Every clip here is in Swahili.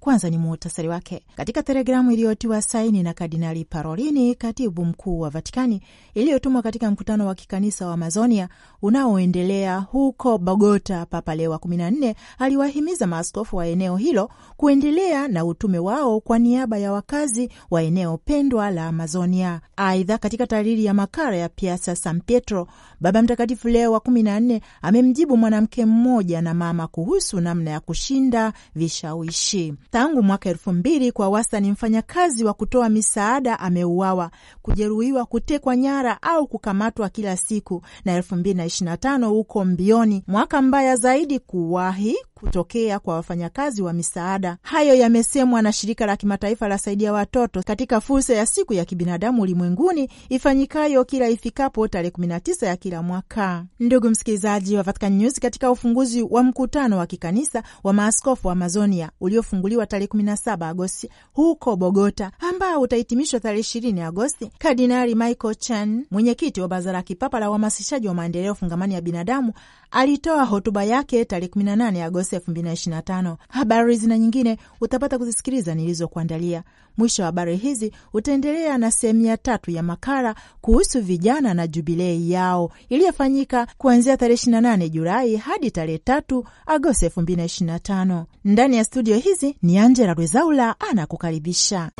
kwanza ni muhtasari wake. Katika telegramu iliyotiwa saini na Kardinali Parolini, katibu mkuu wa Vatikani, iliyotumwa katika mkutano wa kikanisa wa Amazonia unaoendelea huko Bogota, Papa Leo wa 14 aliwahimiza maaskofu wa eneo hilo kuendelea na utume wao kwa niaba ya wakazi wa eneo pendwa la Amazonia. Aidha, katika tariri ya makara ya Piazza San Pietro, Baba Mtakatifu Leo wa 14 amemjibu mwanamke mmoja na mama kuhusu namna ya kushinda vishawishi. Tangu mwaka elfu mbili kwa wastani, mfanyakazi wa kutoa misaada ameuawa, kujeruhiwa, kutekwa nyara au kukamatwa kila siku, na elfu mbili na ishirini na tano huko mbioni, mwaka mbaya zaidi kuwahi kutokea kwa wafanyakazi wa misaada. Hayo yamesemwa na shirika la kimataifa la Saidia Watoto katika fursa ya siku ya kibinadamu ulimwenguni ifanyikayo kila ifikapo tarehe 19 ya kila mwaka. Ndugu msikilizaji wa Vatican News, katika ufunguzi wa mkutano wa kikanisa wa maaskofu wa Amazonia uliofunguliwa tarehe 17 Agosti huko Bogota, ambao utahitimishwa tarehe 20 Agosti, Kardinali Michael Chan, mwenyekiti wa Baraza la Kipapa la Uhamasishaji wa Maendeleo Fungamani ya Binadamu, Alitoa hotuba yake tarehe 18 Agosti 2025. Habari hizi na nyingine utapata kuzisikiliza nilizokuandalia. Mwisho wa habari hizi utaendelea na sehemu ya tatu ya makala kuhusu vijana na jubilei yao iliyofanyika kuanzia tarehe 28 Julai hadi tarehe 3 Agosti 2025. Ndani ya studio hizi ni Angela Rwezaula anakukaribisha.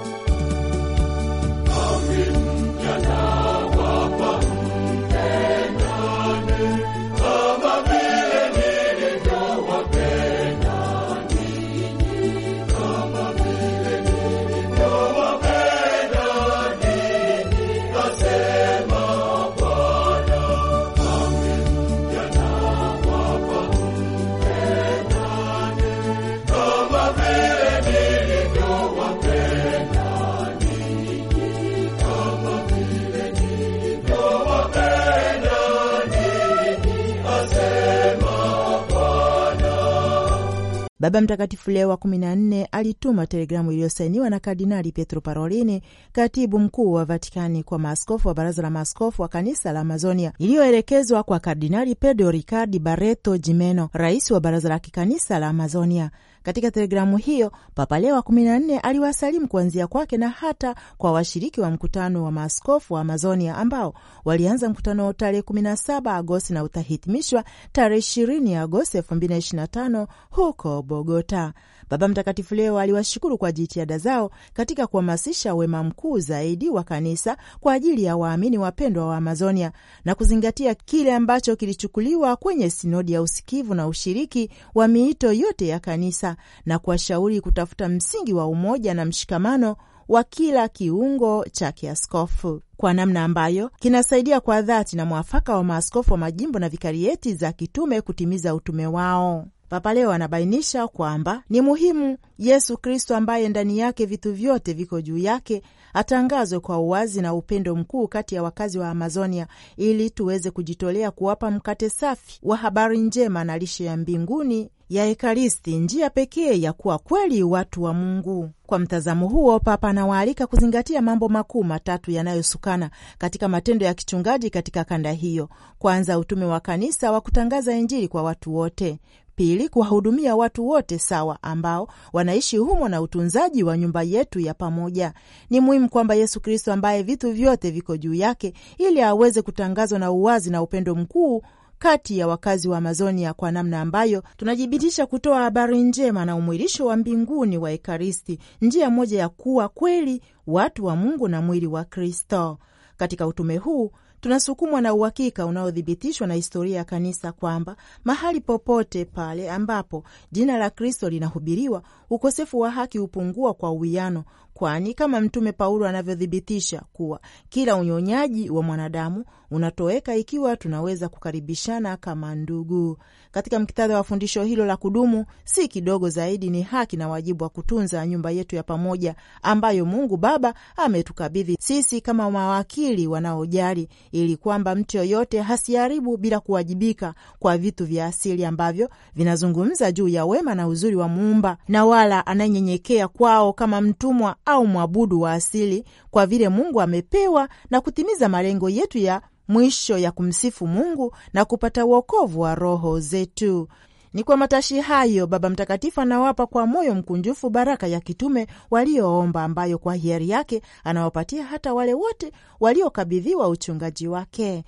Baba Mtakatifu Leo wa 14 alituma telegramu iliyosainiwa na Kardinali Pietro Parolini, katibu mkuu wa Vatikani, kwa maaskofu wa Baraza la Maaskofu wa Kanisa la Amazonia, iliyoelekezwa kwa Kardinali Pedro Ricardi Barreto Jimeno, rais wa Baraza la Kikanisa la Amazonia. Katika telegramu hiyo, Papa Leo wa 14 aliwasalimu kuanzia kwake na hata kwa washiriki wa mkutano wa maaskofu wa Amazonia ambao walianza mkutano tarehe 17 Agosti na utahitimishwa tarehe 20 Agosti 2025 huko Bogota. Baba Mtakatifu leo aliwashukuru kwa jitihada zao katika kuhamasisha wema mkuu zaidi wa kanisa kwa ajili ya waamini wapendwa wa Amazonia na kuzingatia kile ambacho kilichukuliwa kwenye sinodi ya usikivu na ushiriki wa miito yote ya kanisa na kuwashauri kutafuta msingi wa umoja na mshikamano wa kila kiungo cha kiaskofu kwa namna ambayo kinasaidia kwa dhati na mwafaka wa maaskofu wa majimbo na vikarieti za kitume kutimiza utume wao. Papa leo anabainisha kwamba ni muhimu Yesu Kristo ambaye ndani yake vitu vyote viko juu yake atangazwe kwa uwazi na upendo mkuu kati ya wakazi wa Amazonia ili tuweze kujitolea kuwapa mkate safi wa habari njema na lishe ya mbinguni ya Ekaristi, njia pekee ya kuwa kweli watu wa Mungu. Kwa mtazamo huo, Papa anawaalika kuzingatia mambo makuu matatu yanayosukana katika matendo ya kichungaji katika kanda hiyo: kwanza, utume wa kanisa wa kutangaza Injili kwa watu wote; Pili, kuwahudumia watu wote sawa ambao wanaishi humo na utunzaji wa nyumba yetu ya pamoja. Ni muhimu kwamba Yesu Kristo ambaye vitu vyote viko juu yake, ili aweze kutangazwa na uwazi na upendo mkuu kati ya wakazi wa Amazonia kwa namna ambayo tunajibitisha kutoa habari njema na umwilisho wa mbinguni wa Ekaristi, njia moja ya kuwa kweli watu wa Mungu na mwili wa Kristo. Katika utume huu tunasukumwa na uhakika unaothibitishwa na historia ya Kanisa kwamba mahali popote pale ambapo jina la Kristo linahubiriwa, ukosefu wa haki hupungua kwa uwiano kwani kama Mtume Paulo anavyothibitisha kuwa kila unyonyaji wa mwanadamu unatoweka ikiwa tunaweza kukaribishana kama ndugu. Katika muktadha wa fundisho hilo la kudumu, si kidogo zaidi ni haki na wajibu wa kutunza nyumba yetu ya pamoja ambayo Mungu Baba ametukabidhi sisi kama mawakili wanaojali, ili kwamba mtu yoyote hasiharibu bila kuwajibika kwa vitu vya asili ambavyo vinazungumza juu ya wema na uzuri wa Muumba, na wala anayenyenyekea kwao kama mtumwa au mwabudu wa asili, kwa vile Mungu amepewa na kutimiza malengo yetu ya mwisho ya kumsifu Mungu na kupata uokovu wa roho zetu. Ni kwa matashi hayo Baba Mtakatifu anawapa kwa moyo mkunjufu baraka ya kitume walioomba, ambayo kwa hiari yake anawapatia hata wale wote waliokabidhiwa uchungaji wake.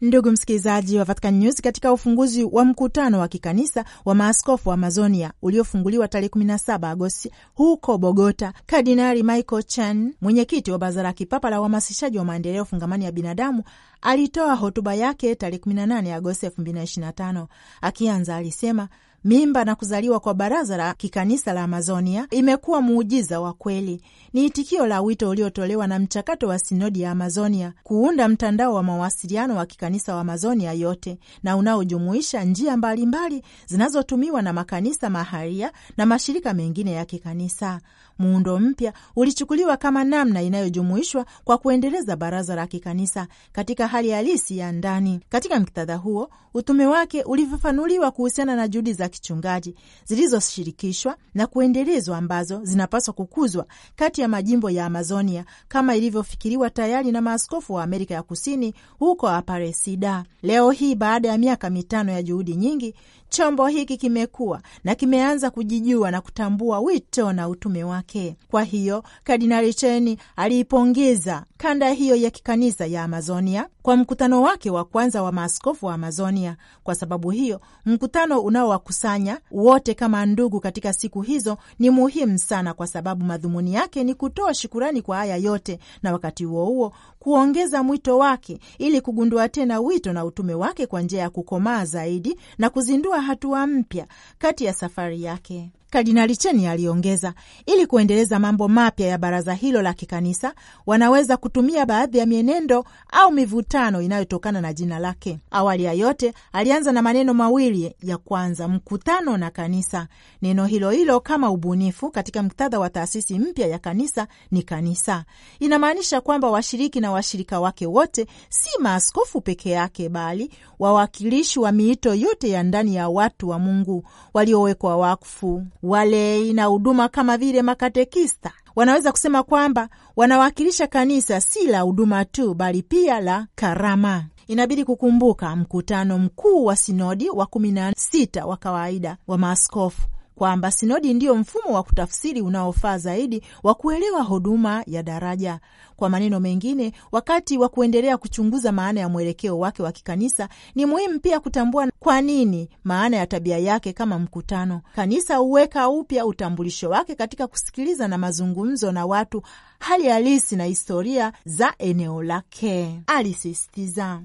Ndugu msikilizaji wa Vatican News, katika ufunguzi wa mkutano wa kikanisa wa maaskofu wa Amazonia uliofunguliwa tarehe 17 Agosti huko Bogota, Kardinali Michael Chan, mwenyekiti wa Baraza la Kipapa la Uhamasishaji wa Maendeleo Fungamani ya Binadamu, alitoa hotuba yake tarehe 18 Agosti 2025. Akianza alisema Mimba na kuzaliwa kwa Baraza la Kikanisa la Amazonia imekuwa muujiza wa kweli. Ni itikio la wito uliotolewa na mchakato wa sinodi ya Amazonia kuunda mtandao wa mawasiliano wa kikanisa wa Amazonia yote na unaojumuisha njia mbalimbali zinazotumiwa na makanisa maharia na mashirika mengine ya kikanisa. Muundo mpya ulichukuliwa kama namna inayojumuishwa kwa kuendeleza baraza la kikanisa katika hali halisi ya ndani. Katika muktadha huo, utume wake ulifafanuliwa kuhusiana na juhudi za kichungaji zilizoshirikishwa na kuendelezwa ambazo zinapaswa kukuzwa kati ya majimbo ya Amazonia kama ilivyofikiriwa tayari na maaskofu wa Amerika ya Kusini huko Aparecida. Leo hii baada ya miaka mitano ya juhudi nyingi Chombo hiki kimekuwa na kimeanza kujijua na kutambua wito na utume wake. Kwa hiyo Kardinali Cheni aliipongeza kanda hiyo ya kikanisa ya Amazonia kwa mkutano wake wa kwanza wa maaskofu wa Amazonia. Kwa sababu hiyo, mkutano unaowakusanya wote kama ndugu katika siku hizo ni muhimu sana, kwa sababu madhumuni yake ni kutoa shukurani kwa haya yote, na wakati huo huo kuongeza mwito wake ili kugundua tena wito na utume wake kwa njia ya kukomaa zaidi na kuzindua hatua mpya kati ya safari yake. Kardinali Cheni aliongeza, ili kuendeleza mambo mapya ya baraza hilo la kikanisa, wanaweza kutumia baadhi ya mienendo au mivutano inayotokana na jina lake. Awali ya yote, alianza na maneno mawili ya kwanza, mkutano na kanisa. Neno hilo hilo kama ubunifu katika muktadha wa taasisi mpya ya kanisa ni kanisa, inamaanisha kwamba washiriki na washirika wake wote si maaskofu peke yake, bali wawakilishi wa miito yote ya ndani ya watu wa Mungu waliowekwa wakfu wale ina huduma kama vile makatekista wanaweza kusema kwamba wanawakilisha kanisa si la huduma tu, bali pia la karama. Inabidi kukumbuka mkutano mkuu wa sinodi wa kumi na sita wa kawaida wa maaskofu kwamba sinodi ndiyo mfumo wa kutafsiri unaofaa zaidi wa kuelewa huduma ya daraja. Kwa maneno mengine, wakati wa kuendelea kuchunguza maana ya mwelekeo wake wa kikanisa, ni muhimu pia kutambua kwa nini maana ya tabia yake kama mkutano. Kanisa huweka upya utambulisho wake katika kusikiliza na mazungumzo na watu, hali halisi na historia za eneo lake, alisisitiza.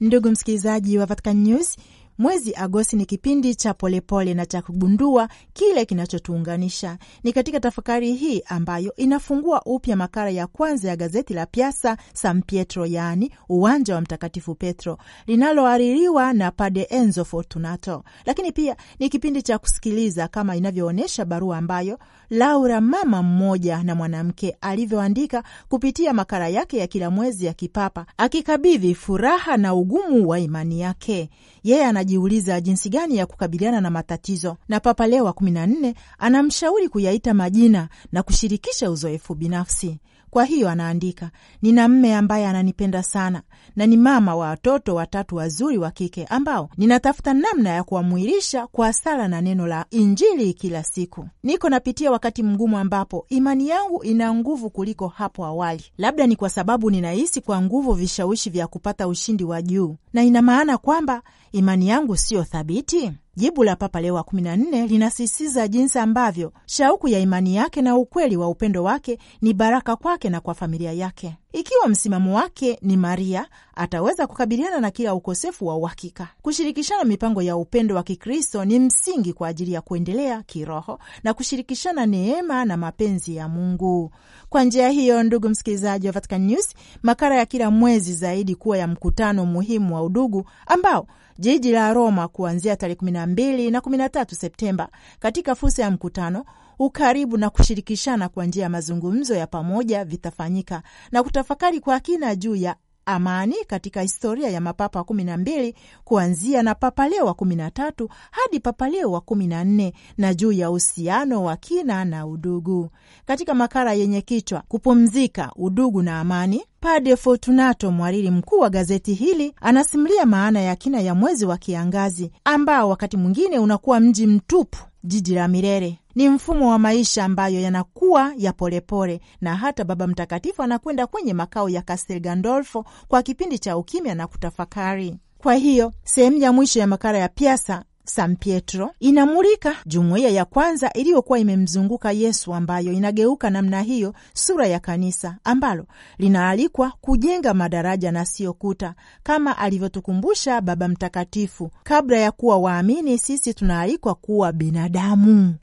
Ndugu msikilizaji wa Vatican News, Mwezi Agosti ni kipindi cha polepole na cha kugundua kile kinachotuunganisha. Ni katika tafakari hii ambayo inafungua upya makala ya kwanza ya gazeti la Piazza San Pietro, yaani uwanja wa Mtakatifu Petro, linalohaririwa na Pade Enzo Fortunato. Lakini pia ni kipindi cha kusikiliza, kama inavyoonyesha barua ambayo Laura, mama mmoja na mwanamke, alivyoandika kupitia makala yake ya kila mwezi ya kipapa, akikabidhi furaha na ugumu wa imani yake yeye anajiuliza jinsi gani ya kukabiliana na matatizo, na Papa Leo wa kumi anamshauri kuyaita majina na kushirikisha uzoefu binafsi. Kwa hiyo anaandika, nina mme ambaye ananipenda sana na ni mama wa watoto watatu wazuri wa kike ambao ninatafuta namna ya kuwamwilisha kwa sala na neno la Injili kila siku. Niko napitia wakati mgumu ambapo imani yangu ina nguvu kuliko hapo awali. Labda ni kwa sababu ninahisi kwa nguvu vishawishi vya kupata ushindi wa juu, na ina maana kwamba imani yangu siyo thabiti. Jibu la Papa Leo wa 14 linasisitiza jinsi ambavyo shauku ya imani yake na ukweli wa upendo wake ni baraka kwake na kwa familia yake. Ikiwa msimamo wake ni Maria, ataweza kukabiliana na kila ukosefu wa uhakika. Kushirikishana mipango ya upendo wa Kikristo ni msingi kwa ajili ya kuendelea kiroho na kushirikishana neema na mapenzi ya Mungu. Kwa njia hiyo, ndugu msikilizaji wa Vatican News, makala ya kila mwezi zaidi kuwa ya mkutano muhimu wa udugu ambao jiji la Roma kuanzia tarehe 12 na 13 Septemba katika fursa ya mkutano ukaribu na kushirikishana kwa njia ya mazungumzo ya pamoja vitafanyika na kutafakari kwa kina juu ya amani katika historia ya mapapa wa kumi na mbili kuanzia na Papa Leo wa kumi na tatu hadi Papa Leo wa kumi na nne na juu ya uhusiano wa kina na udugu. Katika makala yenye kichwa kupumzika, udugu na amani, Padre Fortunato, mhariri mkuu wa gazeti hili, anasimulia maana ya kina ya mwezi wa kiangazi ambao wakati mwingine unakuwa mji mtupu, jiji la milele ni mfumo wa maisha ambayo yanakuwa ya polepole, na hata Baba Mtakatifu anakwenda kwenye makao ya Castel Gandolfo kwa kipindi cha ukimya na kutafakari. Kwa hiyo sehemu ya mwisho ya makala ya Piasa San Pietro inamulika jumuiya ya kwanza iliyokuwa imemzunguka Yesu, ambayo inageuka namna hiyo sura ya kanisa ambalo linaalikwa kujenga madaraja na siyo kuta, kama alivyotukumbusha Baba Mtakatifu. Kabla ya kuwa waamini, sisi tunaalikwa kuwa binadamu.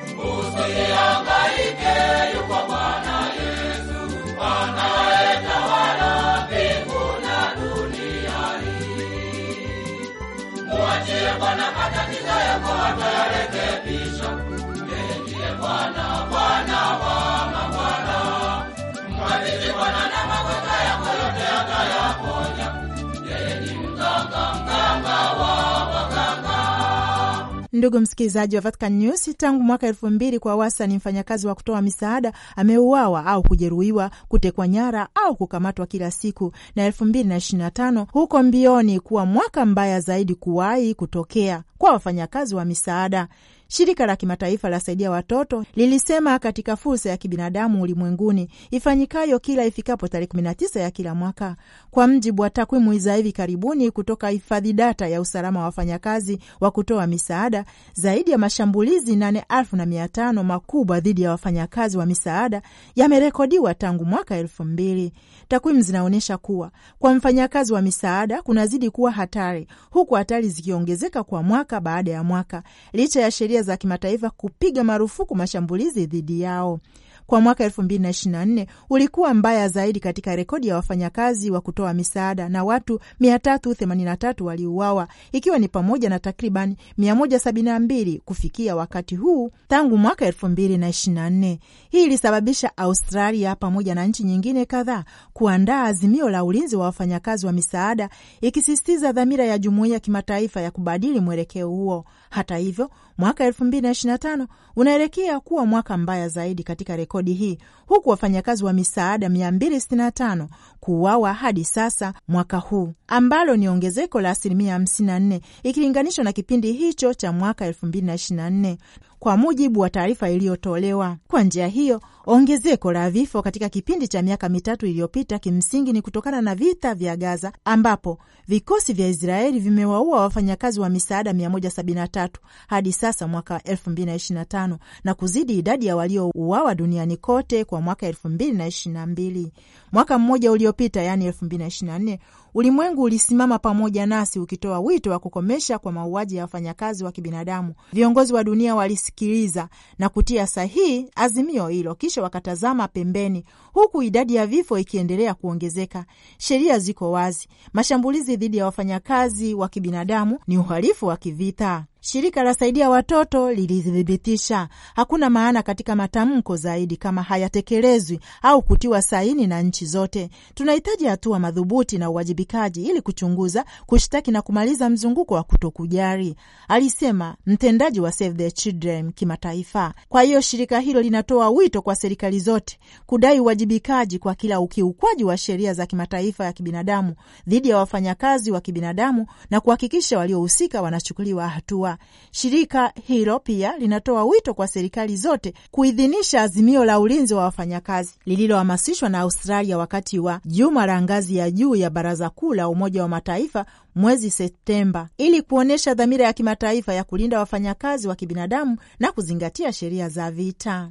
Ndugu msikilizaji wa Vatican News, tangu mwaka elfu mbili kwa wasa ni mfanyakazi wa kutoa misaada ameuawa au kujeruhiwa, kutekwa nyara au kukamatwa kila siku, na elfu mbili na ishirini na tano huko mbioni kuwa mwaka mbaya zaidi kuwahi kutokea kwa wafanyakazi wa misaada. Shirika la kimataifa la saidia watoto lilisema katika fursa ya kibinadamu ulimwenguni ifanyikayo kila ifikapo tarehe 19 ya kila mwaka, kwa mjibu wa takwimu za hivi karibuni kutoka hifadhi data ya usalama wa wafanyakazi wa kutoa misaada, zaidi ya mashambulizi 8500 makubwa dhidi ya wafanyakazi wa misaada yamerekodiwa tangu mwaka elfu mbili Takwimu zinaonyesha kuwa kwa mfanyakazi wa misaada kunazidi kuwa hatari, huku hatari zikiongezeka kwa mwaka baada ya mwaka, licha ya sheria za kimataifa kupiga marufuku mashambulizi dhidi yao kwa mwaka elfu mbili na na nne ulikuwa mbaya zaidi katika rekodi ya wafanyakazi wa kutoa misaada na watu mia tatu themanini na tatu waliuawa, ikiwa ni pamoja na takriban mia moja sabini na mbili kufikia wakati huu tangu mwaka elfu mbili na na nne. Hii ilisababisha Australia pamoja na nchi nyingine kadhaa kuandaa azimio la ulinzi wa wafanyakazi wa misaada, ikisisitiza dhamira ya jumuiya ya kimataifa ya kubadili mwelekeo huo. Hata hivyo, mwaka 2025 unaelekea kuwa mwaka mbaya zaidi katika rekodi hii, huku wafanyakazi wa misaada 265 kuuawa hadi sasa mwaka huu, ambalo ni ongezeko la asilimia 54 ikilinganishwa na kipindi hicho cha mwaka 2024 kwa mujibu wa taarifa iliyotolewa. Kwa njia hiyo, ongezeko la vifo katika kipindi cha miaka mitatu iliyopita kimsingi ni kutokana na vita vya Gaza, ambapo vikosi vya Israeli vimewaua wafanyakazi wa misaada 173 hadi sasa mwaka 2025 na kuzidi idadi ya waliouawa duniani kote kwa mwaka 2022. Mwaka mmoja uliopita, yani 2024, ulimwengu ulisimama pamoja nasi ukitoa wito wa kukomesha kwa mauaji ya wafanyakazi wa kibinadamu. Viongozi wa dunia walisi kusikiliza na kutia sahihi azimio hilo, kisha wakatazama pembeni, huku idadi ya vifo ikiendelea kuongezeka. Sheria ziko wazi: mashambulizi dhidi ya wafanyakazi wa kibinadamu ni uhalifu wa kivita. Shirika la saidia watoto lilithibitisha hakuna maana katika matamko zaidi kama hayatekelezwi au kutiwa saini na nchi zote. Tunahitaji hatua madhubuti na uwajibikaji ili kuchunguza, kushtaki na kumaliza mzunguko wa kutokujali, alisema mtendaji wa Save the Children kimataifa. Kwa hiyo shirika hilo linatoa wito kwa serikali zote kudai uwajibikaji kwa kila ukiukwaji wa sheria za kimataifa ya kibinadamu dhidi ya wafanyakazi wa kibinadamu na kuhakikisha waliohusika wanachukuliwa hatua. Shirika hilo pia linatoa wito kwa serikali zote kuidhinisha azimio la ulinzi wa wafanyakazi lililohamasishwa na Australia wakati wa juma la ngazi ya juu ya Baraza Kuu la Umoja wa Mataifa mwezi Septemba ili kuonyesha dhamira ya kimataifa ya kulinda wafanyakazi wa kibinadamu na kuzingatia sheria za vita.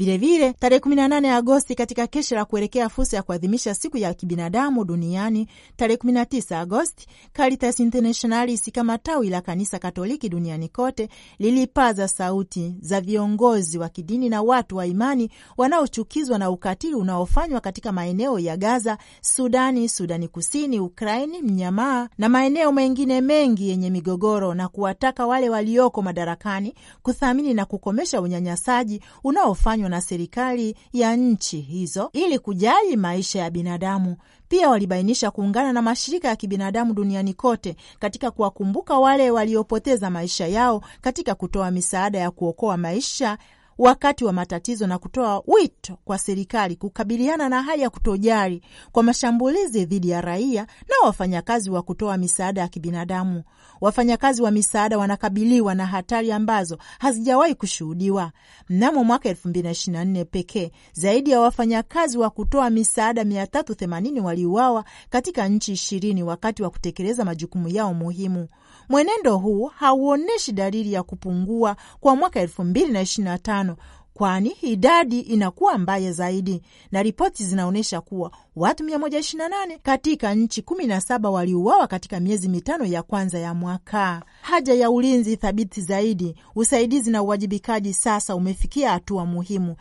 Vilevile tarehe 18 Agosti, katika kesha la kuelekea fursa ya kuadhimisha siku ya kibinadamu duniani, tarehe 19 Agosti, Caritas Internationalis kama tawi la kanisa Katoliki duniani kote lilipaza sauti za viongozi wa kidini na watu wa imani wanaochukizwa na ukatili unaofanywa katika maeneo ya Gaza, Sudani, Sudani Kusini, Ukraini, Mnyamaa na maeneo mengine mengi yenye migogoro na kuwataka wale walioko madarakani kuthamini na kukomesha unyanyasaji unaofanywa na serikali ya nchi hizo ili kujali maisha ya binadamu. Pia walibainisha kuungana na mashirika ya kibinadamu duniani kote katika kuwakumbuka wale waliopoteza maisha yao katika kutoa misaada ya kuokoa maisha wakati wa matatizo na kutoa wito kwa serikali kukabiliana na hali ya kutojali kwa mashambulizi dhidi ya raia na wafanyakazi wa kutoa misaada ya kibinadamu. Wafanyakazi wa misaada wanakabiliwa na hatari ambazo hazijawahi kushuhudiwa. Mnamo mwaka elfu mbili na na nne pekee zaidi ya wafanyakazi wa kutoa misaada mia tatu themanini waliuawa katika nchi ishirini wakati wa kutekeleza majukumu yao muhimu. Mwenendo huu hauonyeshi dalili ya kupungua kwa mwaka 2025 kwani idadi inakuwa mbaya zaidi, na ripoti zinaonyesha kuwa watu 128 katika nchi 17 waliuawa katika miezi mitano ya kwanza ya mwaka. Haja ya ulinzi thabiti zaidi, usaidizi na uwajibikaji sasa umefikia hatua muhimu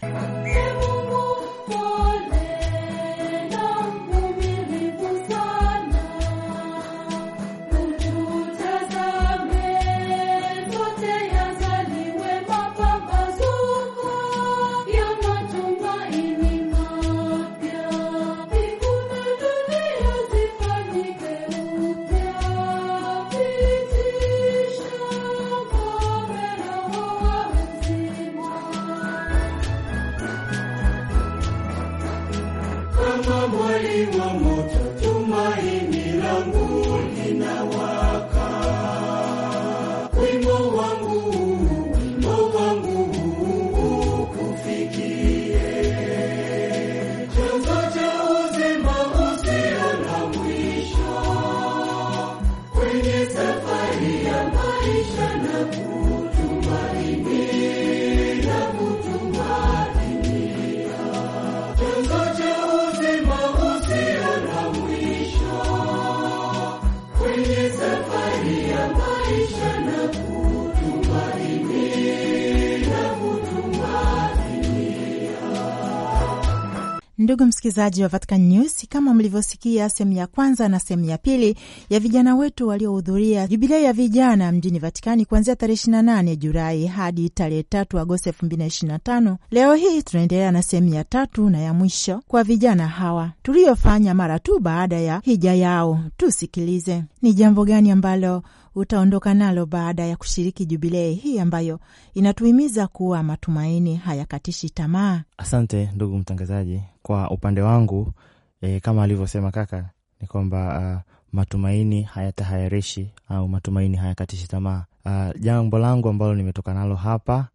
Ndugu msikilizaji wa Vatican News, kama mlivyosikia sehemu ya kwanza na sehemu ya pili ya vijana wetu waliohudhuria jubilei ya vijana mjini Vatikani kuanzia tarehe 28 Julai hadi tarehe 3 Agosti 2025, leo hii tunaendelea na sehemu ya tatu na ya mwisho kwa vijana hawa tuliyofanya mara tu baada ya hija yao. Tusikilize ni jambo gani ambalo utaondoka nalo baada ya kushiriki jubilei hii ambayo inatuhimiza kuwa matumaini hayakatishi tamaa. Asante ndugu mtangazaji. Kwa upande wangu e, kama alivyosema kaka ni kwamba uh, matumaini hayatahayarishi au matumaini hayakatishi tamaa. Uh, jambo langu ambalo nimetoka nalo hapa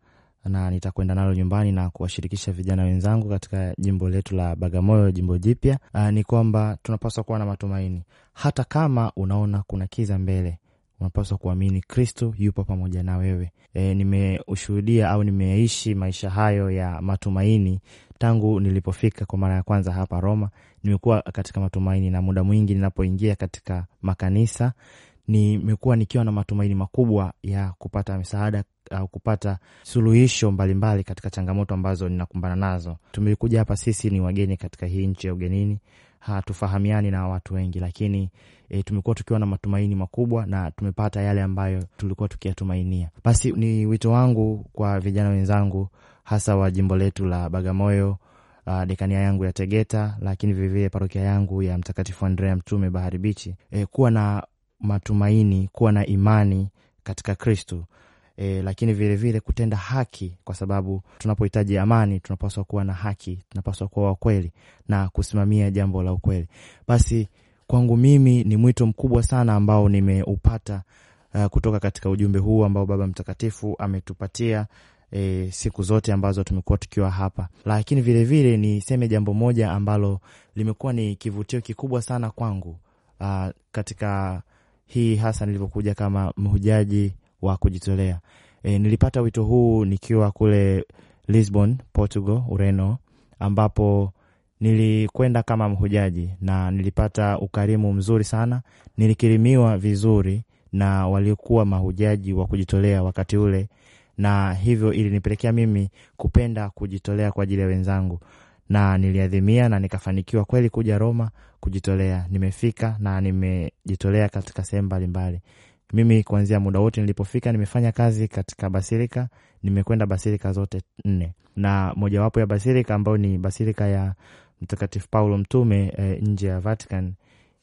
na nitakwenda nalo nyumbani na kuwashirikisha vijana wenzangu katika jimbo letu la Bagamoyo, jimbo jipya, ah, ni kwamba tunapaswa kuwa na matumaini hata kama unaona kuna kiza mbele unapaswa kuamini Kristo yupo pamoja na wewe. E, nimeushuhudia au nimeishi maisha hayo ya matumaini tangu nilipofika kwa mara ya kwanza hapa Roma. Nimekuwa katika matumaini na muda mwingi ninapoingia katika makanisa nimekuwa nikiwa na matumaini makubwa ya kupata misaada au kupata suluhisho mbalimbali katika changamoto ambazo ninakumbana nazo. Tumekuja hapa sisi ni wageni katika hii nchi ya ugenini, hatufahamiani na watu wengi, lakini e, tumekuwa tukiwa na matumaini makubwa na tumepata yale ambayo tulikuwa tukiyatumainia. Basi ni wito wangu kwa vijana wenzangu, hasa wa jimbo letu la Bagamoyo, Uh, dekania yangu ya Tegeta, lakini vilevile parokia yangu ya Mtakatifu Andrea Mtume Bahari Bichi, e, eh, kuwa na matumaini, kuwa na imani katika Kristu e, lakini vilevile vile kutenda haki, kwa sababu tunapohitaji amani tunapaswa kuwa na haki, tunapaswa kuwa wakweli na kusimamia jambo la ukweli. Basi kwangu mimi ni mwito mkubwa sana ambao nimeupata uh, kutoka katika ujumbe huu ambao Baba Mtakatifu ametupatia e, siku zote ambazo tumekuwa tukiwa hapa. Lakini vilevile niseme jambo moja ambalo limekuwa ni kivutio kikubwa sana kwangu uh, katika hii hasa nilivyokuja kama mhujaji wa kujitolea. E, nilipata wito huu nikiwa kule Lisbon, Portugal, Ureno, ambapo nilikwenda kama mhujaji na nilipata ukarimu mzuri sana. Nilikirimiwa vizuri na waliokuwa mahujaji wa kujitolea wakati ule, na hivyo ilinipelekea mimi kupenda kujitolea kwa ajili ya wenzangu, na niliadhimia na nikafanikiwa kweli kuja Roma kujitolea. Nimefika na nimejitolea katika sehemu mbalimbali. Mimi kuanzia muda wote nilipofika, nimefanya kazi katika basilika, nimekwenda basilika zote nne, na mojawapo ya basilika ambayo ni basilika ya Mtakatifu Paulo Mtume e, nje ya Vatican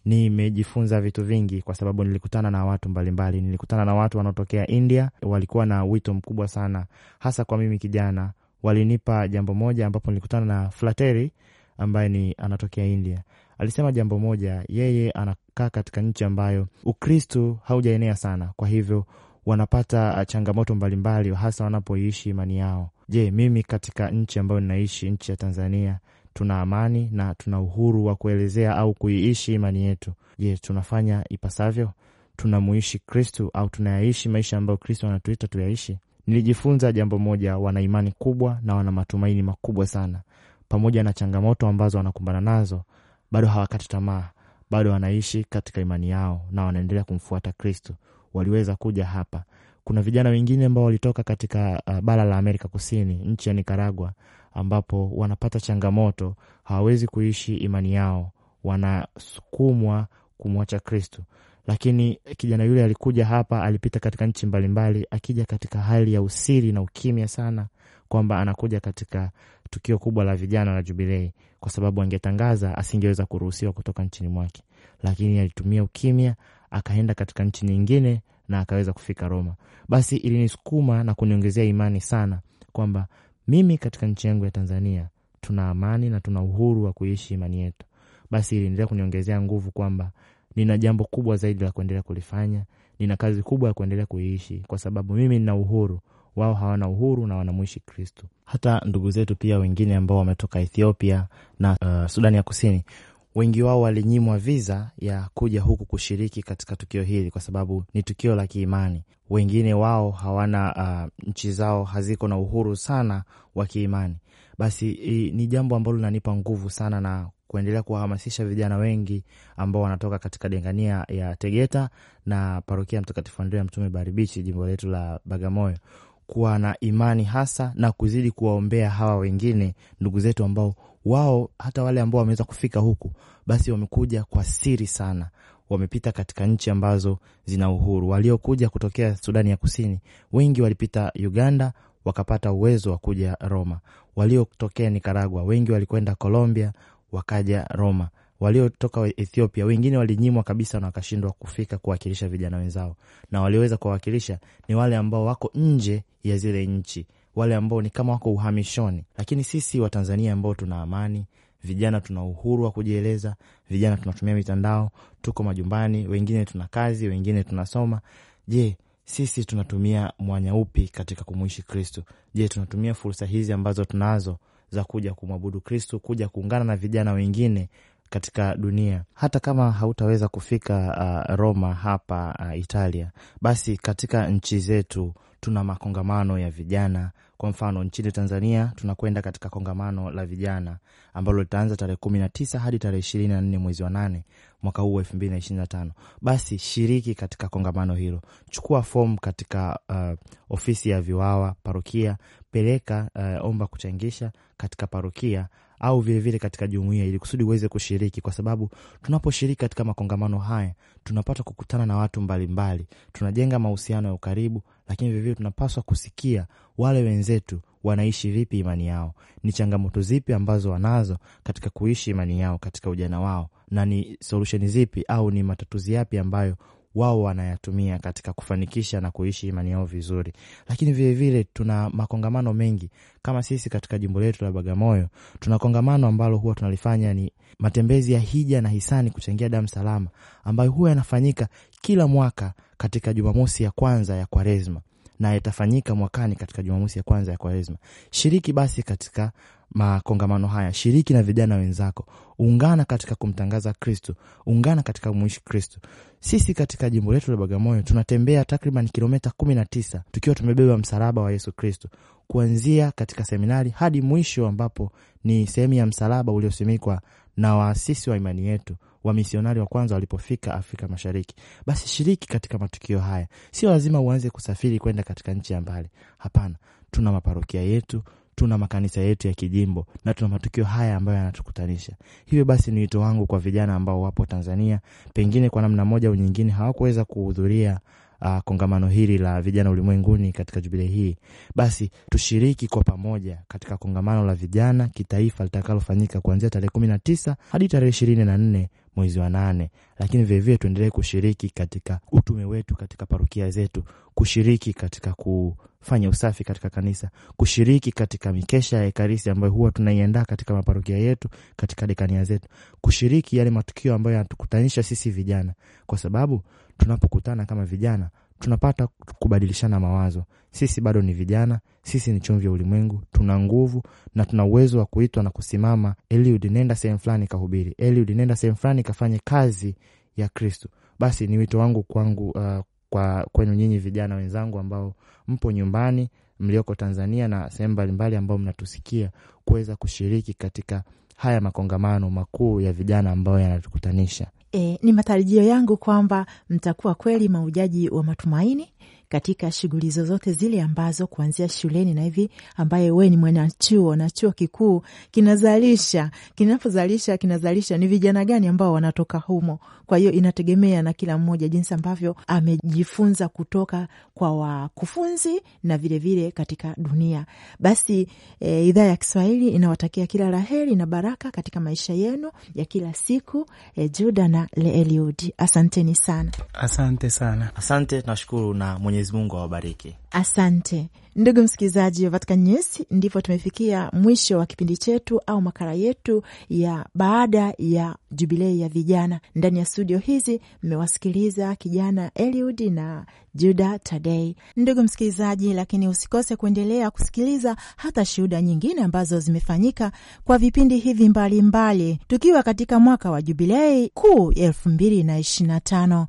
nimejifunza vitu vingi kwa sababu nilikutana na watu mbalimbali mbali. Nilikutana na watu wanaotokea India, walikuwa na wito mkubwa sana, hasa kwa mimi kijana. Walinipa jambo moja, ambapo nilikutana na flateri ambaye ni anatokea India Alisema jambo moja, yeye anakaa katika nchi ambayo Ukristo haujaenea sana, kwa hivyo wanapata ah, changamoto mbalimbali, hasa wanapoishi imani yao. Je, mimi katika nchi ambayo ninaishi, nchi ya Tanzania, tuna amani na tuna uhuru wa kuelezea au kuiishi imani yetu. Je, tunafanya ipasavyo? Tunamuishi Kristu au tunayaishi maisha ambayo Kristu anatuita tuyaishi? Nilijifunza jambo moja, wana imani kubwa na wana matumaini makubwa sana, pamoja na changamoto ambazo wanakumbana nazo, bado hawakati tamaa, bado wanaishi katika imani yao na wanaendelea kumfuata Kristo, waliweza kuja hapa. Kuna vijana wengine ambao walitoka katika uh, bara la Amerika Kusini, nchi ya Nikaragua, ambapo wanapata changamoto, hawawezi kuishi imani yao, wanasukumwa kumwacha Kristo. Lakini kijana yule alikuja hapa, alipita katika nchi mbalimbali, akija katika hali ya usiri na ukimya sana, kwamba anakuja katika tukio kubwa la vijana la Jubilei kwa sababu angetangaza asingeweza kuruhusiwa kutoka nchini mwake, lakini alitumia ukimya akaenda katika nchi nyingine na akaweza kufika Roma. Basi ilinisukuma na kuniongezea imani sana kwamba mimi katika nchi yangu ya Tanzania tuna amani na tuna uhuru wa kuishi imani yetu. Basi iliendelea kuniongezea nguvu kwamba nina jambo kubwa zaidi la kuendelea kulifanya, nina kazi kubwa ya kuendelea kuiishi, kwa sababu mimi nina uhuru wao hawana uhuru na wanamwishi Kristo. Hata ndugu zetu pia wengine ambao wametoka Ethiopia na uh, Sudani ya Kusini, wengi wao walinyimwa viza ya kuja huku kushiriki katika tukio hili kwa sababu ni tukio la kiimani. Wengine wao hawana uh, nchi zao haziko na uhuru sana wa kiimani. Basi i, ni jambo ambalo linanipa nguvu sana na kuendelea kuwahamasisha vijana wengi ambao wanatoka katika dengania ya Tegeta na parokia Mtakatifu Andrea Mtume Baribichi, jimbo letu la Bagamoyo kuwa na imani hasa na kuzidi kuwaombea hawa wengine ndugu zetu ambao wao hata wale ambao wameweza kufika huku basi wamekuja kwa siri sana, wamepita katika nchi ambazo zina uhuru. Waliokuja kutokea Sudani ya Kusini wengi walipita Uganda wakapata uwezo wa kuja Roma. Waliotokea Nikaragua wengi walikwenda Colombia wakaja Roma waliotoka Ethiopia wengine walinyimwa kabisa na wakashindwa kufika kuwakilisha vijana wenzao, na walioweza kuwawakilisha ni wale ambao wako nje ya zile nchi, wale ambao ni kama wako uhamishoni. Lakini sisi Watanzania ambao tuna amani, vijana tuna uhuru wa kujieleza, vijana tunatumia mitandao, tuko majumbani, wengine tuna kazi, wengine tunasoma. Je, sisi tunatumia mwanya upi katika kumwishi Kristu? Je, tunatumia fursa hizi ambazo tunazo za kuja kumwabudu Kristu, kuja kuungana na vijana wengine katika dunia. Hata kama hautaweza kufika uh, Roma hapa uh, Italia, basi katika nchi zetu tuna makongamano ya vijana. Kwa mfano nchini Tanzania tunakwenda katika kongamano la vijana ambalo litaanza tarehe kumi na tisa hadi tarehe ishirini na nne mwezi wa nane mwaka huu elfu mbili na ishirini na tano. Basi shiriki katika kongamano hilo, chukua fomu katika uh, ofisi ya Viwawa parokia, peleka uh, omba kuchangisha katika parokia au vilevile vile katika jumuia, ili kusudi uweze kushiriki, kwa sababu tunaposhiriki katika makongamano haya tunapata kukutana na watu mbalimbali mbali. Tunajenga mahusiano ya ukaribu, lakini vilevile tunapaswa kusikia wale wenzetu wanaishi vipi imani yao, ni changamoto zipi ambazo wanazo katika kuishi imani yao katika ujana wao, na ni solusheni zipi au ni matatuzi yapi ambayo wao wanayatumia katika kufanikisha na kuishi imani yao vizuri. Lakini vilevile tuna makongamano mengi kama sisi katika jimbo letu la Bagamoyo tuna kongamano ambalo huwa tunalifanya ni matembezi ya hija na hisani kuchangia damu salama, ambayo huwa yanafanyika kila mwaka katika Jumamosi ya kwanza ya Kwaresma na yatafanyika mwakani katika Jumamosi ya kwanza ya Kwaresma. Shiriki basi katika makongamano haya, shiriki na vijana wenzako ungana katika kumtangaza Kristo, ungana katika kumuishi Kristo. Sisi katika jimbo letu la Bagamoyo tunatembea takriban kilomita kumi na tisa tukiwa tumebeba msalaba wa Yesu Kristo, kuanzia katika seminari hadi mwisho, ambapo ni sehemu ya msalaba uliosimikwa na waasisi wa imani yetu wamisionari wa kwanza walipofika Afrika Mashariki. Basi shiriki katika matukio haya. Sio lazima uanze kusafiri kwenda katika nchi ya mbali, hapana. Tuna maparokia yetu, tuna makanisa yetu ya kijimbo na tuna matukio haya ambayo yanatukutanisha. Hivyo basi, ni wito wangu kwa vijana ambao wapo Tanzania, pengine kwa namna moja au nyingine hawakuweza kuhudhuria Uh, kongamano hili la vijana ulimwenguni katika jubile hii, basi tushiriki kwa pamoja katika kongamano la vijana kitaifa litakalofanyika kuanzia tarehe kumi na tisa hadi tarehe ishirini na nne mwezi wa nane, lakini vilevile tuendelee kushiriki katika utume wetu katika parokia zetu kushiriki katika kufanya usafi katika kanisa, kushiriki katika mikesha ya Ekaristi ambayo huwa tunaiandaa katika maparokia yetu, katika dekania zetu, kushiriki yale matukio ambayo yanatukutanisha sisi vijana, kwa sababu tunapokutana kama vijana tunapata kubadilishana mawazo. Sisi bado ni vijana, sisi ni chumvi ya ulimwengu, tuna nguvu na tuna uwezo wa kuitwa na kusimama, Eliud, nenda sehemu fulani kahubiri, Eliud, nenda sehemu fulani kafanye kazi ya Kristo. Basi ni wito wangu kwangu, uh, kwa kwenu nyinyi vijana wenzangu ambao mpo nyumbani mlioko Tanzania na sehemu mbalimbali ambao mnatusikia kuweza kushiriki katika haya makongamano makuu ya vijana ambayo yanatukutanisha. E, ni matarajio yangu kwamba mtakuwa kweli maujaji wa matumaini katika shughuli zozote zile ambazo kuanzia shuleni na hivi, ambaye we ni mwanachuo na chuo kikuu kinazalisha, kinapozalisha kinazalisha ni vijana gani ambao wanatoka humo. Kwa hiyo inategemea na kila mmoja jinsi ambavyo amejifunza kutoka kwa wakufunzi na vilevile vile katika dunia. Basi e, idhaa ya Kiswahili inawatakia kila laheri na baraka katika maisha yenu ya kila siku. E, Juda na Leeliudi, asanteni sana. Asante sana, asante, nashukuru na mwenye Mwenyezi Mungu awabariki. Asante ndugu msikilizaji wa Vatican News, ndipo tumefikia mwisho wa kipindi chetu au makala yetu ya baada ya jubilei ya vijana. Ndani ya studio hizi mmewasikiliza kijana Eliud na Juda Tadei. Ndugu msikilizaji, lakini usikose kuendelea kusikiliza hata shuhuda nyingine ambazo zimefanyika kwa vipindi hivi mbalimbali mbali, tukiwa katika mwaka wa jubilei kuu elfu mbili na ishirini na tano.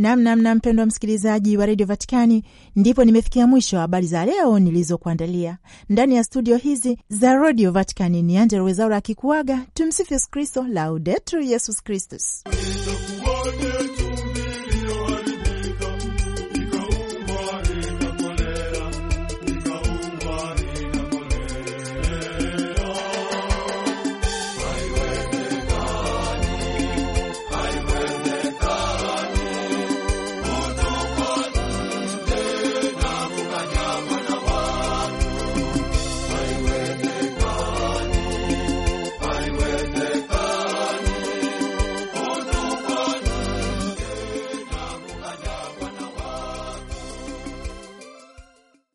Namnamna mpendwa msikilizaji wa redio Vatikani, ndipo nimefikia mwisho wa habari za leo nilizokuandalia ndani ya studio hizi za redio Vatikani. Ni Angela Wezaura akikuaga. Tumsifu Yesu Kristo, Laudetur Yesus Kristus.